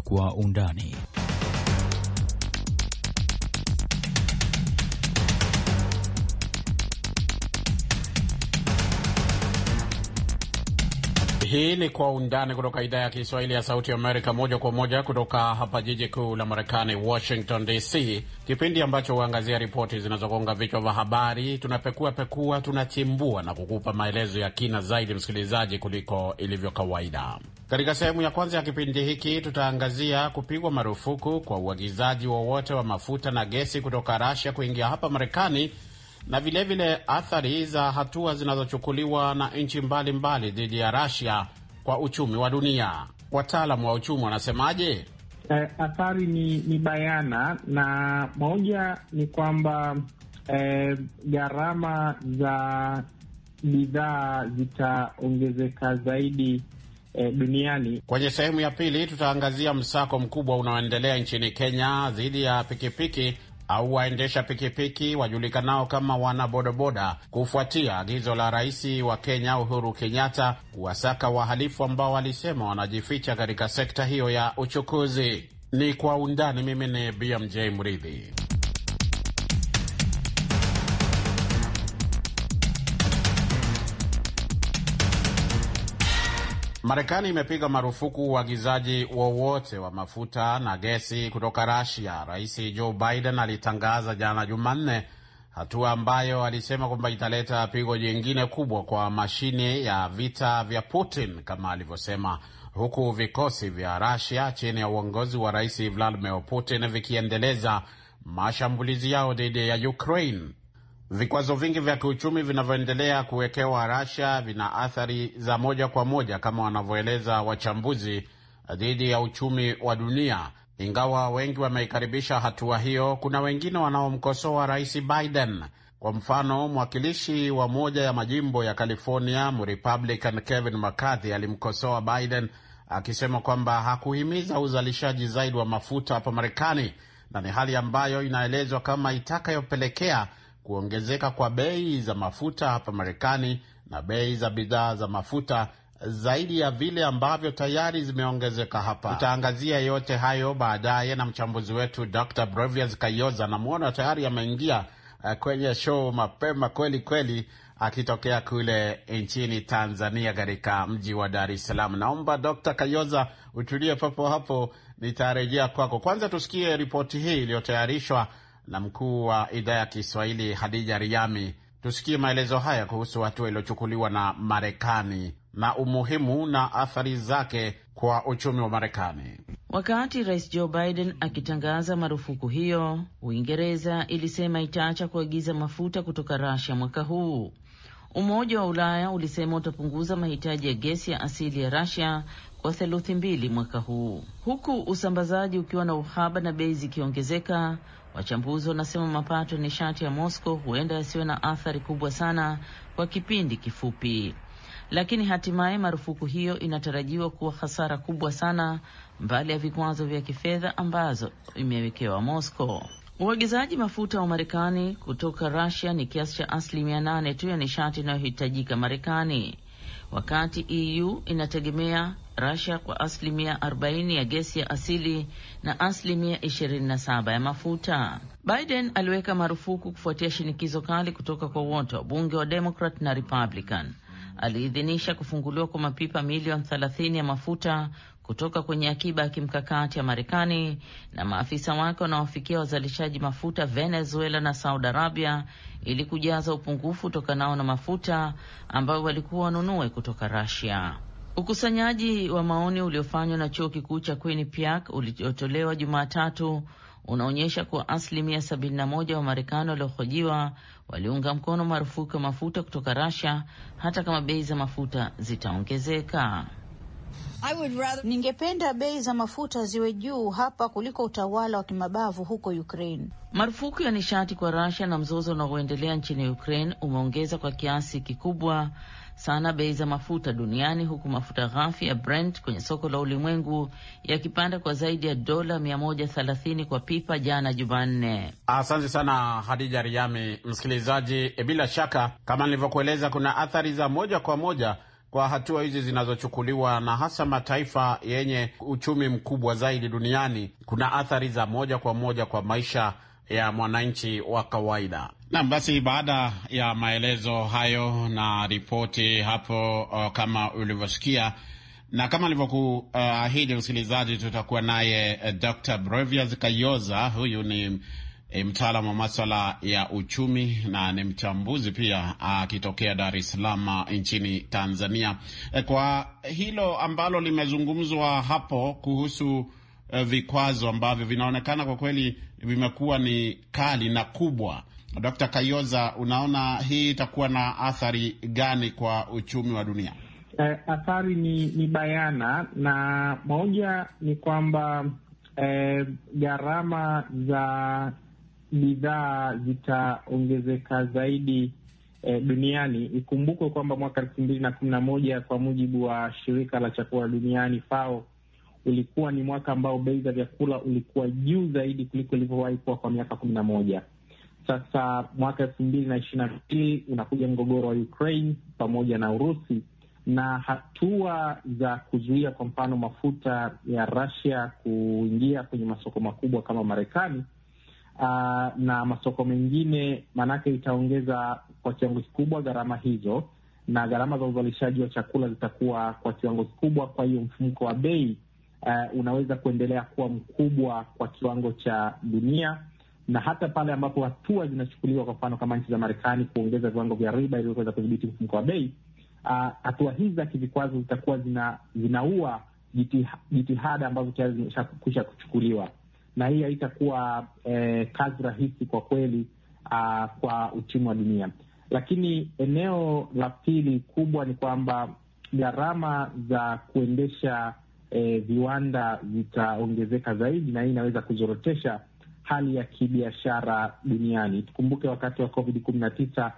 kwa undani. Hii ni Kwa Undani kutoka idhaa ya Kiswahili ya Sauti Amerika, moja kwa moja kutoka hapa jiji kuu la Marekani, Washington DC, kipindi ambacho huangazia ripoti zinazogonga vichwa vya habari. Tunapekua pekua, tunachimbua na kukupa maelezo ya kina zaidi, msikilizaji, kuliko ilivyo kawaida. Katika sehemu ya kwanza ya kipindi hiki tutaangazia kupigwa marufuku kwa uagizaji wowote wa, wa mafuta na gesi kutoka Rasia kuingia hapa Marekani na vilevile vile athari za hatua zinazochukuliwa na nchi mbalimbali dhidi ya Russia kwa uchumi wa dunia. Wataalamu wa uchumi wanasemaje? Eh, athari ni, ni bayana na moja ni kwamba eh, gharama za bidhaa zitaongezeka zaidi eh, duniani. Kwenye sehemu ya pili tutaangazia msako mkubwa unaoendelea nchini Kenya dhidi ya pikipiki au waendesha pikipiki wajulikanao kama wana bodaboda kufuatia agizo la rais wa Kenya Uhuru Kenyatta kuwasaka wahalifu ambao walisema wanajificha katika sekta hiyo ya uchukuzi. Ni kwa undani. Mimi ni BMJ Mridhi. Marekani imepiga marufuku uagizaji wowote wa mafuta na gesi kutoka Rasia. Rais Joe Biden alitangaza jana Jumanne, hatua ambayo alisema kwamba italeta pigo jingine kubwa kwa mashine ya vita vya Putin kama alivyosema, huku vikosi vya Rasia chini ya uongozi wa Rais Vladimir Putin vikiendeleza mashambulizi yao dhidi ya Ukraine. Vikwazo vingi vya kiuchumi vinavyoendelea kuwekewa Russia vina athari za moja kwa moja kama wanavyoeleza wachambuzi dhidi ya uchumi wa dunia. Ingawa wengi wameikaribisha hatua hiyo, kuna wengine wanaomkosoa Rais Biden. Kwa mfano, mwakilishi wa moja ya majimbo ya California, Mrepublican Kevin McCarthy alimkosoa Biden akisema kwamba hakuhimiza uzalishaji zaidi wa mafuta hapa Marekani, na ni hali ambayo inaelezwa kama itakayopelekea kuongezeka kwa bei za mafuta hapa Marekani na bei za bidhaa za mafuta zaidi ya vile ambavyo tayari zimeongezeka hapa. Tutaangazia yote hayo baadaye na mchambuzi wetu Dr. Brevius Kayoza. Namwona tayari ameingia eh, kwenye show mapema kweli kweli, akitokea kule nchini Tanzania, katika mji wa Dar es Salaam. Naomba Dr. Kayoza utulie papo hapo, nitarejea kwako. Kwanza tusikie ripoti hii iliyotayarishwa na mkuu wa idhaa ya Kiswahili Hadija Riami. Tusikie maelezo haya kuhusu hatua iliyochukuliwa na Marekani na umuhimu na athari zake kwa uchumi wa Marekani. Wakati Rais Joe Biden akitangaza marufuku hiyo, Uingereza ilisema itaacha kuagiza mafuta kutoka Rasia mwaka huu. Umoja wa Ulaya ulisema utapunguza mahitaji ya gesi ya asili ya Rasia kwa theluthi mbili mwaka huu, huku usambazaji ukiwa na uhaba na bei zikiongezeka. Wachambuzi wanasema mapato ya nishati ya Moscow huenda yasiwe na athari kubwa sana kwa kipindi kifupi, lakini hatimaye marufuku hiyo inatarajiwa kuwa hasara kubwa sana, mbali ya vikwazo vya kifedha ambazo imewekewa Moscow. Uagizaji mafuta wa Marekani kutoka Rusia ni kiasi cha asilimia nane tu ya nishati inayohitajika Marekani wakati EU inategemea Russia kwa asilimia 40 ya gesi ya asili na asilimia 27 ya mafuta. Biden aliweka marufuku kufuatia shinikizo kali kutoka kwa wote bunge wa Democrat na Republican. Aliidhinisha kufunguliwa kwa mapipa milioni 30 ya mafuta kutoka kwenye akiba ya kimkakati ya Marekani na maafisa wake wanaofikia wazalishaji mafuta Venezuela na Saudi Arabia ili kujaza upungufu utokanao na mafuta ambayo walikuwa wanunue kutoka rasia Ukusanyaji wa maoni uliofanywa na chuo kikuu cha piak uliotolewa Jumatatu unaonyesha kuwa asilimia 71 wa Marekani waliohojiwa waliunga mkono marufuku ya mafuta kutoka rasia hata kama bei za mafuta zitaongezeka rather... ningependa bei za mafuta ziwe juu hapa kuliko utawala wa kimabavu huko Ukraine. Marufuku ya nishati kwa Russia na mzozo unaoendelea nchini Ukraine umeongeza kwa kiasi kikubwa sana bei za mafuta duniani huku mafuta ghafi ya Brent kwenye soko la ulimwengu yakipanda kwa zaidi ya dola 130 kwa pipa jana Jumanne. Asante sana Hadija Riami. Msikilizaji, bila shaka kama nilivyokueleza, kuna athari za moja kwa moja kwa hatua hizi zinazochukuliwa na hasa mataifa yenye uchumi mkubwa zaidi duniani, kuna athari za moja kwa moja kwa maisha ya mwananchi wa kawaida. Naam, basi baada ya maelezo hayo na ripoti hapo, uh, kama ulivyosikia na kama alivyokuahidi uh, msikilizaji, tutakuwa naye uh, Dr. Brevias Kayoza. Huyu ni E, mtaalam wa maswala ya uchumi na ni mchambuzi pia akitokea Dar es Salaam uh, nchini Tanzania. E, kwa hilo ambalo limezungumzwa hapo kuhusu uh, vikwazo ambavyo vinaonekana kwa kweli vimekuwa ni kali na kubwa, d Kayoza, unaona hii itakuwa na athari gani kwa uchumi wa dunia? Eh, athari ni, ni bayana na moja ni kwamba eh, gharama za bidhaa zitaongezeka zaidi e, duniani. Ikumbukwe kwamba mwaka elfu mbili na kumi na moja kwa mujibu wa shirika la chakula duniani FAO, ulikuwa ni mwaka ambao bei za vyakula ulikuwa juu zaidi kuliko ilivyowahi kuwa kwa miaka kumi na moja. Sasa mwaka elfu mbili na ishirini na mbili unakuja mgogoro wa Ukraine pamoja na Urusi na hatua za kuzuia kwa mfano mafuta ya Russia kuingia kwenye masoko makubwa kama Marekani uh, na masoko mengine, maanake itaongeza kwa kiwango kikubwa gharama hizo, na gharama za uzalishaji wa chakula zitakuwa kwa kiwango kikubwa. Kwa hiyo mfumuko wa bei uh, unaweza kuendelea kuwa mkubwa kwa kiwango cha dunia, na hata pale ambapo hatua zinachukuliwa, kwa mfano kama nchi za Marekani kuongeza viwango vya riba ili kuweza kudhibiti mfumuko wa bei, ah, hatua uh, hizi za kivikwazo zitakuwa zina, zinaua jitihada ambazo tayari kuisha kuchukuliwa na hii haitakuwa eh, kazi rahisi kwa kweli uh, kwa uchumi wa dunia. Lakini eneo la pili kubwa ni kwamba gharama za kuendesha eh, viwanda zitaongezeka zaidi, na hii inaweza kuzorotesha hali ya kibiashara duniani. Tukumbuke wakati wa COVID kumi na tisa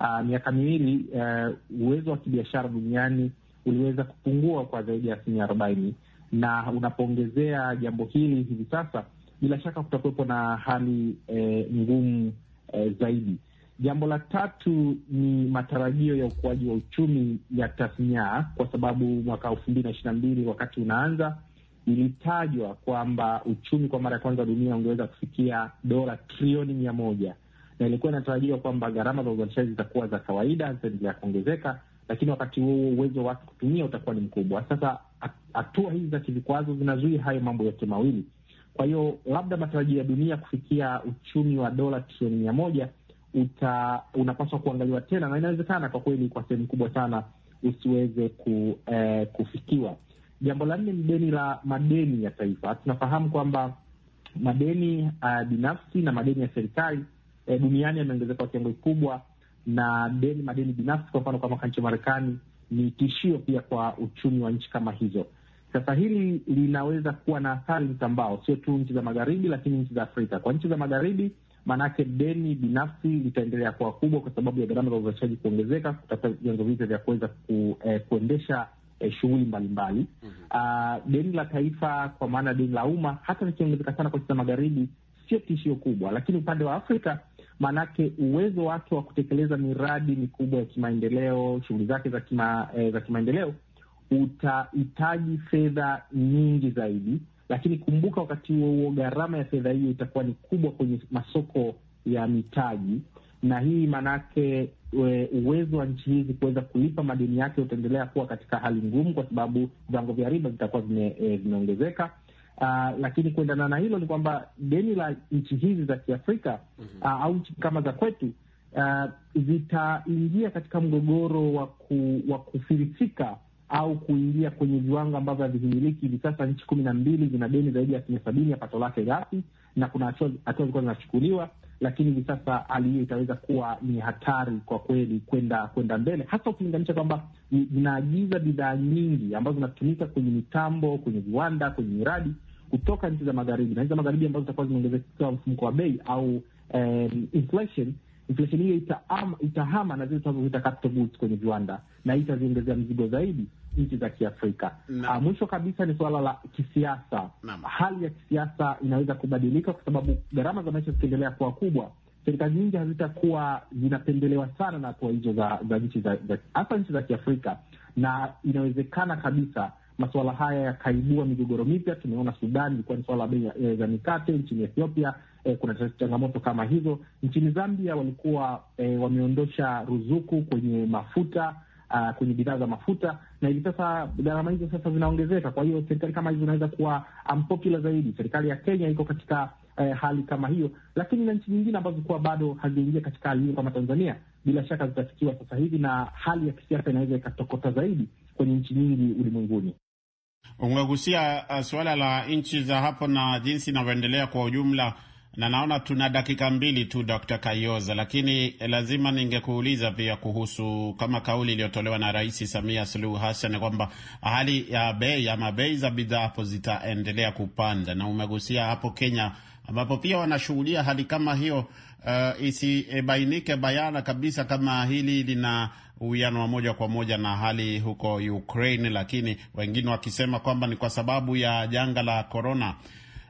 uh, miaka miwili uh, uwezo wa kibiashara duniani uliweza kupungua kwa zaidi ya asilimia arobaini, na unapoongezea jambo hili hivi sasa bila shaka kutakuwepo na hali e, ngumu e, zaidi. Jambo la tatu ni matarajio ya ukuaji wa uchumi ya tasnia, kwa sababu mwaka elfu mbili na ishirini na mbili wakati unaanza ilitajwa kwamba uchumi kwa mara ya kwanza dunia ungeweza kufikia dola trilioni mia moja na ilikuwa inatarajiwa kwamba gharama za uzalishaji zitakuwa za kawaida, zitaendelea kuongezeka, lakini wakati huo uwezo wake kutumia utakuwa ni mkubwa. Sasa hatua hizi za kivikwazo zinazuia hayo mambo yote mawili, kwa hiyo labda matarajio ya dunia kufikia uchumi wa dola trilioni mia moja uta unapaswa kuangaliwa tena, na inawezekana kwa kweli, kwa sehemu kubwa sana usiweze ku, eh, kufikiwa. Jambo la nne ni deni la madeni ya taifa. Tunafahamu kwamba madeni uh, binafsi na madeni ya serikali eh, duniani yameongezeka kwa kiwango kikubwa, na deni madeni binafsi, kwa mfano mwaka nchi ya Marekani, ni tishio pia kwa uchumi wa nchi kama hizo. Sasa hili linaweza kuwa na athari mtambao, sio tu nchi za magharibi, lakini nchi za Afrika. Kwa nchi za magharibi, maanake deni binafsi litaendelea kuwa kubwa kwa sababu ya gharama za uzalishaji kuongezeka, kutafuta vyanzo vipya vya kuweza ku, eh, kuendesha eh, shughuli mbalimbali. mm -hmm. Uh, deni la taifa kwa maana deni la umma hata likiongezeka sana kwa nchi za magharibi, sio tishio kubwa, lakini upande wa Afrika maanake uwezo wake wa kutekeleza miradi mikubwa ya kimaendeleo, shughuli zake za kima, eh, za kimaendeleo utahitaji fedha nyingi zaidi, lakini kumbuka, wakati huo huo gharama ya fedha hiyo itakuwa ni kubwa kwenye masoko ya mitaji, na hii maanake uwezo wa nchi hizi kuweza kulipa madeni yake utaendelea kuwa katika hali ngumu, kwa sababu viwango vya riba zitakuwa e, vimeongezeka. Uh, lakini kuendana na hilo ni kwamba deni la nchi hizi za Kiafrika mm -hmm. uh, au nchi kama za kwetu uh, zitaingia katika mgogoro wa waku, kufirisika au kuingia kwenye viwango ambavyo havihimiliki. Hivi sasa nchi kumi na mbili zina deni zaidi ya asilimia sabini ya pato lake ghafi, na kuna hatua zilikuwa zinachukuliwa, lakini hivi sasa hali hiyo itaweza kuwa ni hatari kwa kweli kwenda kwenda mbele, hasa ukilinganisha kwamba zinaagiza bidhaa nyingi ambazo zinatumika kwenye mitambo, kwenye viwanda, kwenye miradi kutoka nchi za magharibi, na nchi za magharibi ambazo zitakuwa zimeongezekewa mfumko wa bei au um, inflation inflation hiyo itahama, itahama na zile tunazoita capital goods kwenye viwanda, na hii itaziongezea mzigo zaidi nchi za Kiafrika. Uh, mwisho kabisa ni suala la kisiasa. Hali ya kisiasa inaweza kubadilika kwa sababu gharama za maisha zikiendelea kuwa kubwa serikali nyingi hazitakuwa zinapendelewa sana na hatua hizo za za nchi hasa nchi za Kiafrika, na inawezekana kabisa masuala haya yakaibua migogoro mipya. Tumeona Sudan ilikuwa ni suala la bei e, za mikate. Nchini Ethiopia e, kuna changamoto kama hizo. Nchini Zambia walikuwa e, wameondosha ruzuku kwenye mafuta uh, kwenye bidhaa za mafuta, na hivi sasa gharama hizo sasa zinaongezeka. Kwa hiyo serikali kama hizo zinaweza kuwa unpopular zaidi. Serikali ya Kenya iko katika uh, hali kama hiyo, lakini na nchi nyingine ambazo kuwa bado haziingia katika hali hiyo kama Tanzania, bila shaka zitafikiwa sasa hivi, na hali ya kisiasa inaweza ikatokota zaidi kwenye nchi nyingi ulimwenguni. Umegusia uh, eh, suala la nchi za hapo na jinsi inavyoendelea kwa ujumla na naona tuna dakika mbili tu Dr. Kayoza, lakini lazima ningekuuliza pia kuhusu kama kauli iliyotolewa na Rais Samia Suluhu Hassan kwamba hali ya bei ama bei za bidhaa hapo zitaendelea kupanda, na umegusia hapo Kenya ambapo pia wanashughulia hali kama hiyo. Uh, isibainike bayana kabisa kama hili lina uwiano wa moja kwa moja na hali huko Ukraine, lakini wengine wakisema kwamba ni kwa sababu ya janga la korona.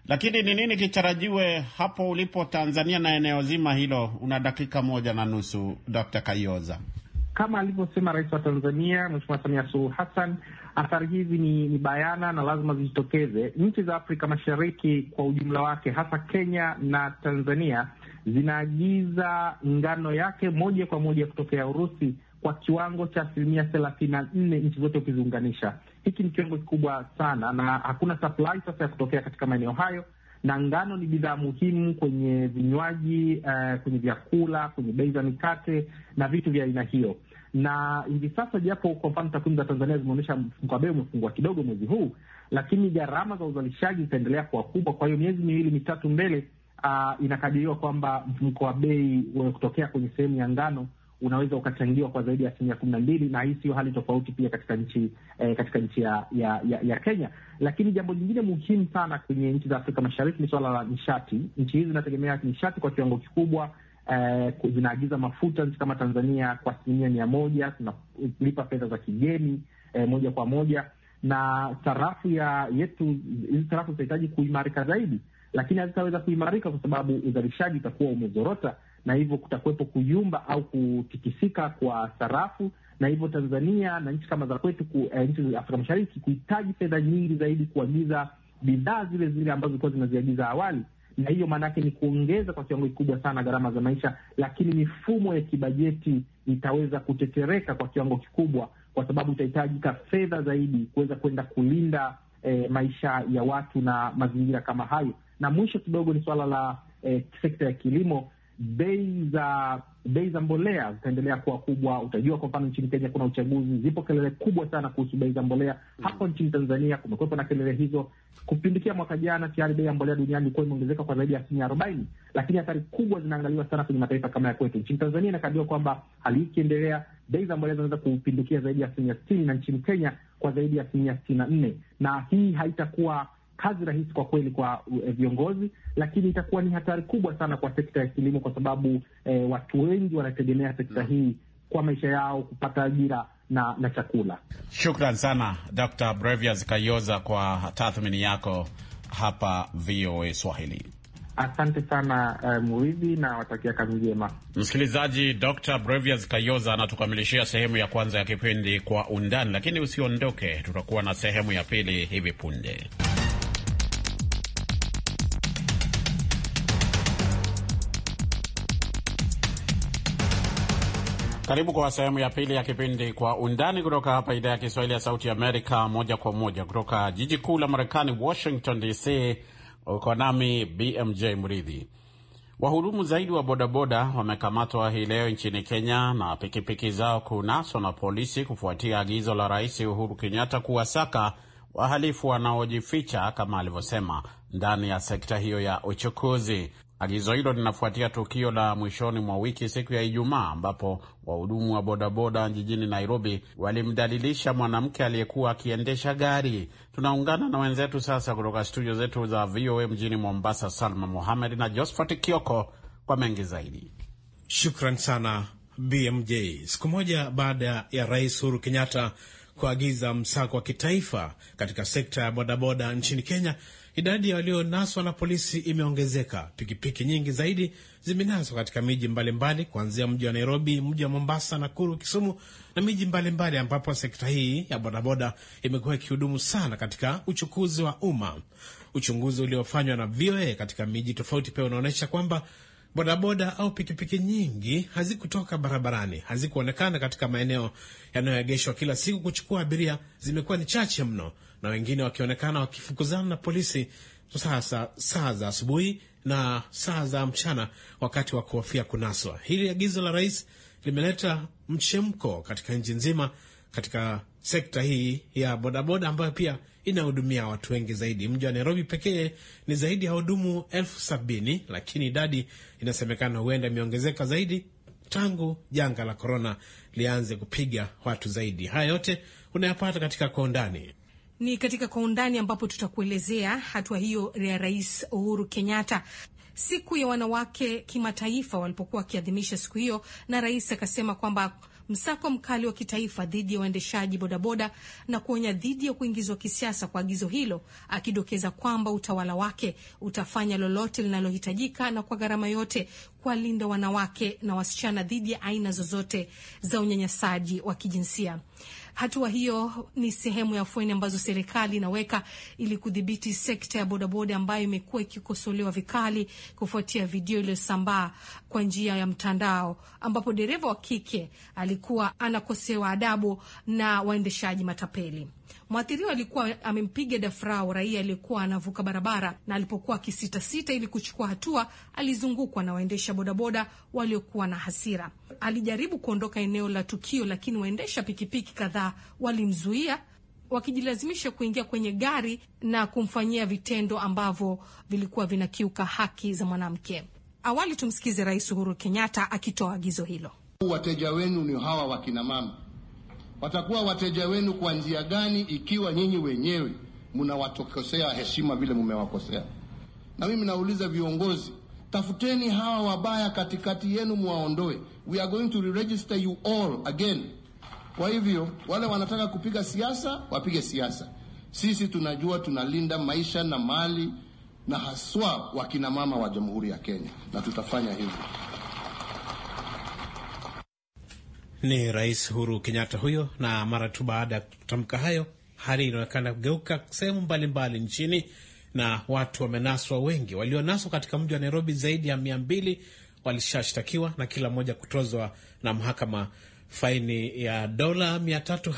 Lakini ni nini kitarajiwe hapo ulipo Tanzania na eneo zima hilo? Una dakika moja na nusu, Dr. Kayoza. Kama alivyosema rais wa Tanzania Mheshimiwa Samia Suluhu Hassan, athari hizi ni, ni bayana na lazima zijitokeze. Nchi za Afrika Mashariki kwa ujumla wake, hasa Kenya na Tanzania, zinaagiza ngano yake moja kwa moja kutokea Urusi kwa kiwango cha asilimia thelathini na nne nchi zote ukiziunganisha hiki ni kiwango kikubwa sana, na hakuna supply sasa ya kutokea katika maeneo hayo, na ngano ni bidhaa muhimu kwenye vinywaji uh, kwenye vyakula, kwenye bei za mikate na vitu vya aina hiyo. Na hivi sasa, japo kwa mfano takwimu za Tanzania zimeonyesha mfumuko wa bei umefungua kidogo mwezi huu, lakini gharama za uzalishaji zitaendelea kuwa kubwa. Kwa hiyo miezi miwili mitatu mbele, uh, inakadiriwa kwamba mfumuko wa bei eh, kutokea kwenye sehemu ya ngano unaweza ukachangiwa kwa zaidi ya asilimia kumi na mbili na hii sio hali tofauti pia katika nchi eh, katika nchi ya, ya, ya, ya Kenya. Lakini jambo lingine muhimu sana kwenye nchi za Afrika Mashariki ni suala la nishati. Nchi hizi zinategemea nishati kwa kiwango kikubwa eh, zinaagiza mafuta. Nchi kama Tanzania kwa asilimia mia moja tunalipa fedha za kigeni eh, moja kwa moja na sarafu ya yetu, hizi sarafu zitahitaji kuimarika zaidi, lakini hazitaweza kuimarika kwa sababu uzalishaji utakuwa umezorota na hivyo kutakuwepo kuyumba au kutikisika kwa sarafu, na hivyo Tanzania na nchi kama za kwetu ku, eh, nchi za Afrika Mashariki kuhitaji fedha nyingi zaidi kuagiza bidhaa zile zile ambazo zilikuwa zinaziagiza awali, na hiyo maana yake ni kuongeza kwa kiwango kikubwa sana gharama za maisha, lakini mifumo ya kibajeti itaweza kutetereka kwa kiwango kikubwa, kwa sababu itahitajika fedha zaidi kuweza kwenda kulinda eh, maisha ya watu na mazingira kama hayo. Na mwisho kidogo ni suala la eh, sekta ya kilimo bei za bei za mbolea zitaendelea kuwa kubwa. Utajua kwa mfano nchini Kenya kuna uchaguzi, zipo kelele kubwa sana kuhusu bei za mbolea mm. Hapo nchini Tanzania kumekuwepo na kelele hizo kupindikia. Mwaka jana tayari bei ya mbolea duniani ilikuwa imeongezeka kwa zaidi ya asilimia arobaini, lakini athari kubwa zinaangaliwa sana kwenye mataifa kama ya kwetu. Nchini Tanzania inakadiriwa kwamba hali hii ikiendelea, bei za mbolea zinaweza kupindukia zaidi ya asilimia sitini na nchini Kenya kwa zaidi ya asilimia sitini na nne na hii haitakuwa kazi rahisi kwa kweli kwa eh, viongozi, lakini itakuwa ni hatari kubwa sana kwa sekta ya kilimo, kwa sababu eh, watu wengi wanategemea sekta hii kwa maisha yao, kupata ajira na, na chakula. Shukran sana Dr. Brevias Kayoza kwa tathmini yako hapa VOA Swahili. Asante sana uh, Muridhi, na watakia kazi njema msikilizaji. Dr. Brevias Kayoza anatukamilishia sehemu ya kwanza ya kipindi Kwa Undani, lakini usiondoke, tutakuwa na sehemu ya pili hivi punde. Karibu kwa sehemu ya pili ya kipindi Kwa Undani kutoka hapa idhaa ya Kiswahili ya Sauti Amerika, moja kwa moja kutoka jiji kuu la Marekani, Washington DC. Uko nami BMJ Mridhi. Wahudumu zaidi wa bodaboda wamekamatwa hii leo nchini Kenya na pikipiki zao kunaswa na polisi kufuatia agizo la Rais Uhuru Kenyatta kuwasaka wahalifu wanaojificha kama alivyosema ndani ya sekta hiyo ya uchukuzi. Agizo hilo linafuatia tukio la mwishoni mwa wiki siku ya Ijumaa ambapo wahudumu wa bodaboda jijini Nairobi walimdalilisha mwanamke aliyekuwa akiendesha gari. Tunaungana na wenzetu sasa kutoka studio zetu za VOA mjini Mombasa, Salma Mohamed na Josphat Kioko kwa mengi zaidi. Shukran sana BMJ. Siku moja baada ya Rais Uhuru Kenyatta kuagiza msako wa kitaifa katika sekta ya bodaboda nchini Kenya, Idadi ya walionaswa na polisi imeongezeka. Pikipiki nyingi zaidi zimenaswa katika miji mbalimbali, kuanzia mji wa Nairobi, mji wa Mombasa, Nakuru, Kisumu na miji mbalimbali, ambapo sekta hii ya bodaboda imekuwa ikihudumu sana katika uchukuzi wa umma. Uchunguzi uliofanywa na VOA katika miji tofauti pia unaonyesha kwamba bodaboda au pikipiki nyingi hazikutoka barabarani, hazikuonekana katika maeneo yanayoegeshwa kila siku kuchukua abiria, zimekuwa ni chache mno na wengine wakionekana wakifukuzana na polisi sasa saa za asubuhi na saa za mchana, wakati wa kuhofia kunaswa. Hili agizo la rais limeleta mchemko katika nchi nzima katika sekta hii ya bodaboda ambayo pia inahudumia watu wengi zaidi. Mji wa Nairobi pekee ni zaidi ya hudumu elfu sabini lakini idadi inasemekana huenda imeongezeka zaidi tangu janga la korona lianze kupiga watu zaidi. Haya yote unayapata katika kwa undani ni katika kwa undani ambapo tutakuelezea hatua hiyo ya Rais Uhuru Kenyatta siku ya wanawake kimataifa walipokuwa wakiadhimisha siku hiyo, na rais akasema kwamba msako mkali wa kitaifa dhidi ya waendeshaji bodaboda na kuonya dhidi ya kuingizwa kisiasa kwa agizo hilo, akidokeza kwamba utawala wake utafanya lolote linalohitajika na kwa gharama yote kuwalinda wanawake na wasichana dhidi ya aina zozote za unyanyasaji wa kijinsia. Hatua hiyo ni sehemu ya faini ambazo serikali inaweka ili kudhibiti sekta ya bodaboda ambayo imekuwa ikikosolewa vikali kufuatia video iliyosambaa kwa njia ya mtandao ambapo dereva wa kike alikuwa anakosewa adabu na waendeshaji matapeli. Mwathiriwa alikuwa amempiga dafrau raia aliyekuwa anavuka barabara, na alipokuwa akisitasita ili kuchukua hatua, alizungukwa na waendesha bodaboda waliokuwa na hasira. Alijaribu kuondoka eneo la tukio, lakini waendesha pikipiki kadhaa walimzuia wakijilazimisha kuingia kwenye gari na kumfanyia vitendo ambavyo vilikuwa vinakiuka haki za mwanamke. Awali tumsikize Rais Uhuru Kenyatta akitoa agizo hilo. Wateja wenu ni hawa wakinamama watakuwa wateja wenu kwa njia gani, ikiwa nyinyi wenyewe mnawatokosea heshima vile mmewakosea? Na mimi nauliza viongozi, tafuteni hawa wabaya katikati yenu, mwaondoe We are going to re-register you all again. Kwa hivyo wale wanataka kupiga siasa wapige siasa. Sisi tunajua tunalinda maisha na mali na haswa wakinamama wa Jamhuri ya Kenya, na tutafanya hivyo. Ni Rais Uhuru Kenyatta huyo. Na mara tu baada ya kutamka hayo, hali inaonekana kugeuka sehemu mbalimbali nchini, na watu wamenaswa. Wengi walionaswa katika mji wa Nairobi, zaidi ya mia mbili walishashtakiwa na kila mmoja kutozwa na mahakama faini ya dola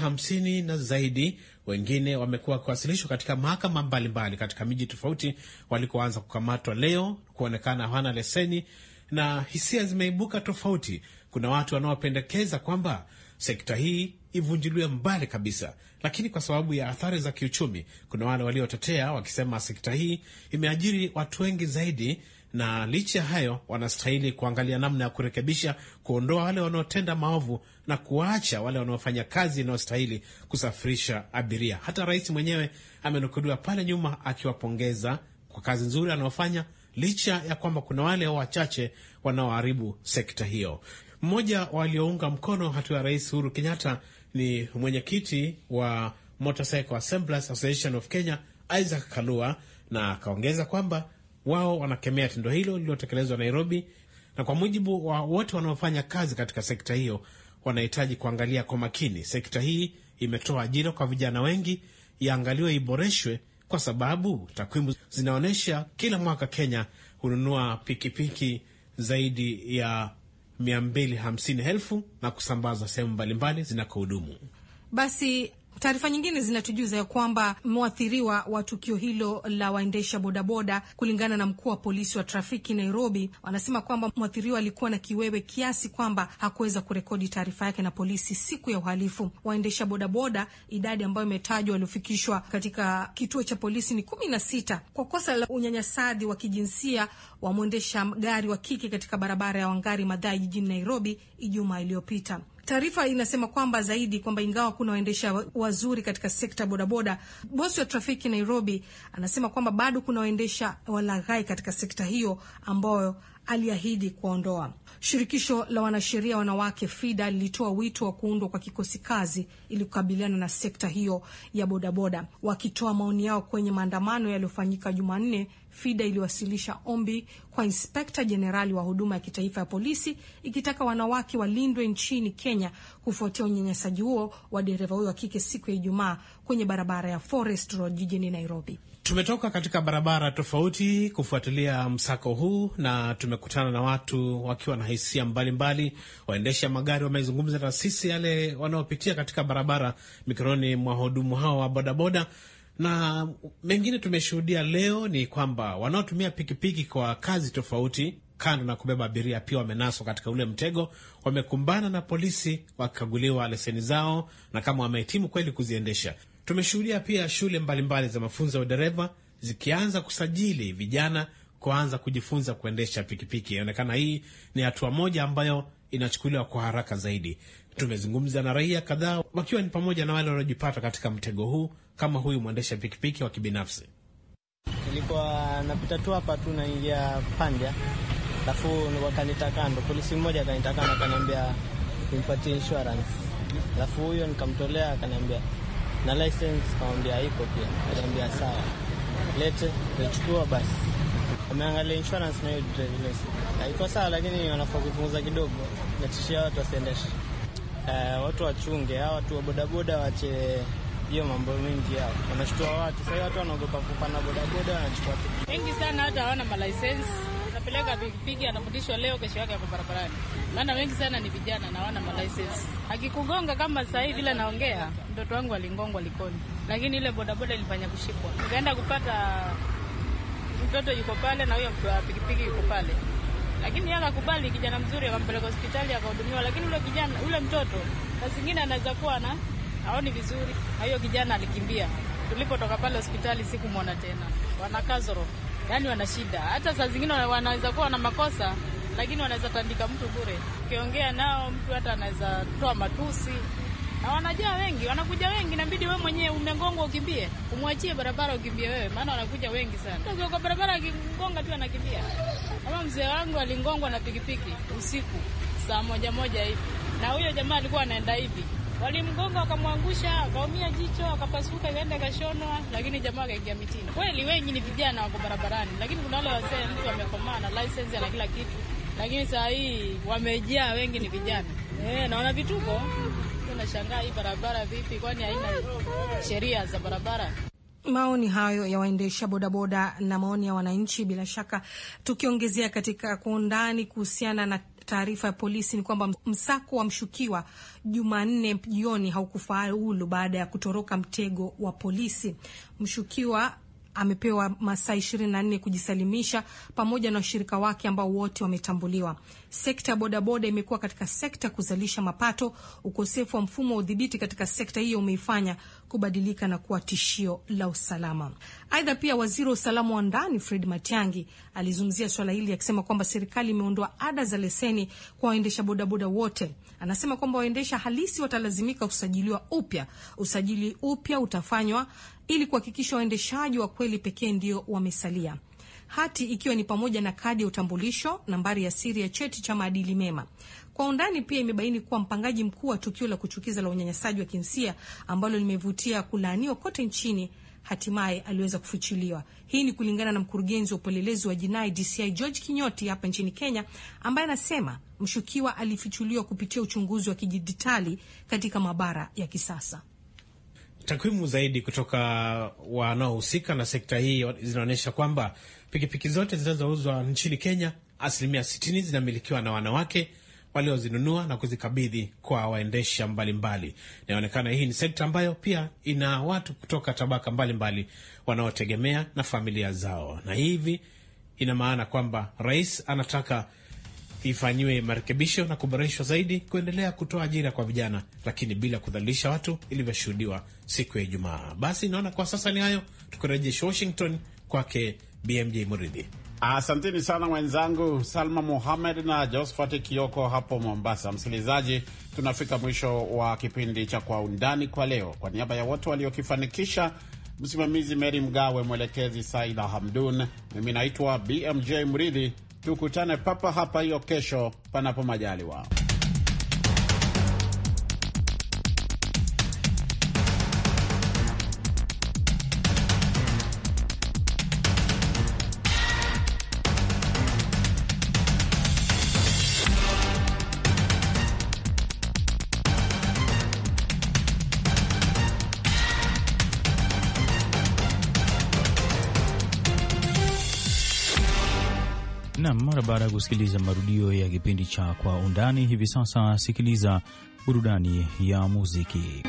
hamsini na zaidi. Wengine wamekuwa wakiwasilishwa katika mahakama mbalimbali katika miji tofauti walikoanza kukamatwa leo, kuonekana hawana leseni na hisia zimeibuka tofauti. Kuna watu wanaopendekeza kwamba sekta hii ivunjiliwe mbali kabisa, lakini kwa sababu ya athari za kiuchumi, kuna wale waliotetea wakisema sekta hii imeajiri watu wengi zaidi na licha ya hayo wanastahili kuangalia namna ya kurekebisha, kuondoa wale wanaotenda maovu na kuwaacha wale wanaofanya kazi inayostahili kusafirisha abiria. Hata rais mwenyewe amenukuliwa pale nyuma akiwapongeza kwa kazi nzuri anayofanya licha ya kwamba kuna wale wachache wanaoharibu sekta hiyo. Mmoja waliounga mkono hatua ya Rais Uhuru Kenyatta ni mwenyekiti wa Motorcycle Assemblers Association of Kenya Isaac Kalua, na akaongeza kwamba wao wanakemea tendo hilo lililotekelezwa Nairobi, na kwa mujibu wa wote wanaofanya kazi katika sekta hiyo wanahitaji kuangalia kwa makini. Sekta hii imetoa ajira kwa vijana wengi, yaangaliwe, iboreshwe kwa sababu takwimu zinaonyesha kila mwaka Kenya hununua pikipiki zaidi ya elfu na kusambaza sehemu mbalimbali zinakohudumu. Basi Taarifa nyingine zinatujuza ya kwamba mwathiriwa wa tukio hilo la waendesha bodaboda, kulingana na mkuu wa polisi wa trafiki Nairobi, wanasema kwamba mwathiriwa alikuwa na kiwewe kiasi kwamba hakuweza kurekodi taarifa yake na polisi siku ya uhalifu. Waendesha bodaboda, idadi ambayo imetajwa waliofikishwa katika kituo cha polisi ni kumi na sita kwa kosa la unyanyasaji wa kijinsia wa mwendesha gari wa kike katika barabara ya Wangari madhai jijini Nairobi Ijumaa iliyopita. Taarifa inasema kwamba zaidi kwamba ingawa kuna waendesha wazuri katika sekta bodaboda, bosi wa trafiki Nairobi anasema kwamba bado kuna waendesha walaghai katika sekta hiyo ambayo aliahidi kuwaondoa. Shirikisho la wanasheria wanawake FIDA lilitoa wito wa kuundwa kwa kikosi kazi ili kukabiliana na sekta hiyo ya bodaboda. Wakitoa maoni yao kwenye maandamano yaliyofanyika Jumanne, FIDA iliwasilisha ombi kwa inspekta jenerali wa huduma ya kitaifa ya polisi ikitaka wanawake walindwe nchini Kenya kufuatia unyanyasaji huo wa dereva huyo wa kike siku ya Ijumaa kwenye barabara ya Forest Road jijini Nairobi. Tumetoka katika barabara tofauti kufuatilia msako huu na tumekutana na watu wakiwa na hisia mbalimbali. Waendesha magari wamezungumza na sisi yale wanaopitia katika barabara mikononi mwa wahudumu hao wa bodaboda, na mengine tumeshuhudia leo ni kwamba wanaotumia pikipiki kwa kazi tofauti, kando na kubeba abiria, pia wamenaswa katika ule mtego, wamekumbana na polisi, wakikaguliwa leseni zao na kama wamehitimu kweli kuziendesha. Tumeshuhudia pia shule mbalimbali mbali za mafunzo ya udereva zikianza kusajili vijana kuanza kujifunza kuendesha pikipiki. Inaonekana hii ni hatua moja ambayo inachukuliwa kwa haraka zaidi. Tumezungumza na raia kadhaa, wakiwa ni pamoja na wale waliojipata katika mtego huu, kama huyu mwendesha pikipiki wa kibinafsi. Nilikuwa napita tu hapa tu, naingia Pandya, alafu wakanita kando, polisi mmoja akanita kando, akaniambia nimpatie insurance, alafu huyo nikamtolea, akaniambia na license. Kaambia iko pia, aliambia sawa, lete kachukua. Basi ameangalia insurance na hiyo driving license haiko sawa, lakini wanafaa kupunguza kidogo, natishia watu wasiendeshe. Uh, watu wachunge hao watu wa bodaboda wache hiyo mambo mengi yao, wanashtua watu. Sasa watu wanaogopa kupanda bodaboda, wanachukua wengi sana, hata hawana malaisensi anapeleka pikipiki, anafundishwa leo, kesho yake hapo barabarani. Maana wengi sana ni vijana na wana malaisensi. Akikugonga kama saa hii vile naongea, mtoto wangu alingongwa Likoni, lakini ile bodaboda ilifanya kushikwa, nikaenda kupata mtoto yuko pale na huyo mtu wa pikipiki yuko pale, lakini yeye akakubali, kijana mzuri, akampeleka hospitali akahudumiwa. Lakini ule kijana ule mtoto saa zingine anaweza kuwa na haoni vizuri, na huyo kijana alikimbia. Tulipotoka pale hospitali sikumwona tena, wana Kazoro yani wana shida. Hata saa zingine wanaweza kuwa na makosa, lakini wanaweza tandika mtu bure. Ukiongea nao mtu hata anaweza toa matusi, na wanajaa wengi, wanakuja wengi, inabidi wewe mwenyewe umegongwa ukimbie, umwachie barabara ukimbie wewe, maana wanakuja wengi sana kwa barabara. Akigonga tu anakimbia. Kama mzee wangu alingongwa na pikipiki usiku saa moja moja hivi, na huyo jamaa alikuwa anaenda hivi walimgonga wakamwangusha, akaumia jicho, akapasuka, ikaenda ikashonwa, lakini jamaa akaingia mitini. Kweli wengi ni vijana wako barabarani, lakini kuna wale wazee, mtu wamekomaa na lisensi na kila kitu, lakini saa hii wamejaa, wengi ni vijana e, eh, naona vituko. Nashangaa hii barabara vipi, kwani haina sheria za barabara? Maoni hayo ya waendesha bodaboda na maoni ya wananchi, bila shaka tukiongezea katika kwa undani kuhusiana na taarifa ya polisi ni kwamba msako wa mshukiwa Jumanne jioni haukufaulu baada ya kutoroka mtego wa polisi. Mshukiwa amepewa masaa nne kujisalimisha pamoja na washirika wake ambao wote wametambuliwa. Sekta ya bodaboda imekuwa katika sekta kuzalisha mapato. Ukosefu wa mfumo wa udhibiti katika sekta hiyo umeifanya kubadilika na kuwa tishio la usalama. Aidha, pia waziri wa usalama wa ndani Fred Matiang'i alizungumzia swala hili akisema kwamba serikali imeondoa ada za leseni kwa waendesha bodaboda wote. Anasema kwamba waendesha halisi watalazimika kusajiliwa upya. Usajili upya utafanywa ili kuhakikisha waendeshaji wa kweli pekee ndio wamesalia hati ikiwa ni pamoja na kadi ya utambulisho, nambari ya siri ya cheti cha maadili mema. Kwa undani pia imebaini kuwa mpangaji mkuu wa tukio la kuchukiza la unyanyasaji wa kinsia ambalo limevutia kulaaniwa kote nchini hatimaye aliweza kufichuliwa. Hii ni kulingana na mkurugenzi wa upelelezi wa jinai DCI George Kinyoti hapa nchini Kenya, ambaye anasema mshukiwa alifichuliwa kupitia uchunguzi wa kidijitali katika maabara ya kisasa. Takwimu zaidi kutoka wanaohusika na sekta hii zinaonyesha kwamba pikipiki zote zinazouzwa nchini Kenya, asilimia 60 zinamilikiwa na wanawake waliozinunua na kuzikabidhi kwa waendesha mbalimbali. Inaonekana hii ni sekta ambayo pia ina watu kutoka tabaka mbalimbali wanaotegemea na familia zao, na hivi ina maana kwamba rais anataka ifanyiwe marekebisho na kuboreshwa zaidi kuendelea kutoa ajira kwa vijana, lakini bila kudhalilisha watu ilivyoshuhudiwa siku ya Ijumaa. Basi naona kwa sasa ni hayo, tukurejesha Washington kwake BMJ Muridhi. Asanteni sana mwenzangu Salma Muhamed na Josphat Kioko hapo Mombasa. Msikilizaji, tunafika mwisho wa kipindi cha Kwa Undani kwa leo. Kwa niaba ya wote waliokifanikisha, msimamizi Meri Mgawe, mwelekezi Saida Hamdun, mimi naitwa BMJ Mridhi. Tukutane papa hapa hiyo kesho, panapo majaliwa. kusikiliza marudio ya kipindi cha Kwa Undani. Hivi sasa sikiliza burudani ya muziki.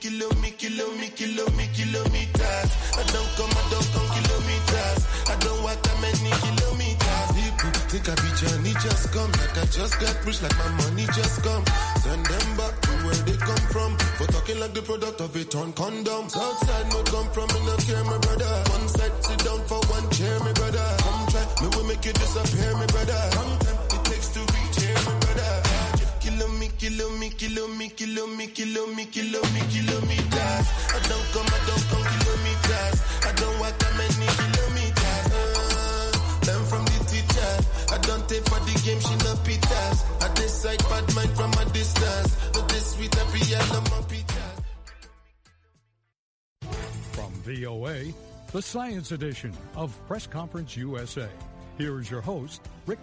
kilo, me kilo, me kilo, me kilometers. I don't come, I don't come kilometers. I don't walk that many kilometers. People think I be journey just come, like I just got rich, like my money just come. Send them back to where they come from. For talking like the product of a torn condom. Outside, no come from, me no care, my brother. One side, sit down for one chair, my brother. Come try, me will make you disappear, my brother. Come time kilo kilo kilo kilo kilo I don't come, I don't come kilometers. I don't walk that many kilometers. Uh, from the teacher. I don't take for the game, she no pitas. I decide bad mind from a distance. But this sweet, I my pitas. From VOA, the Science Edition of Press Conference USA. Here is your host, Rick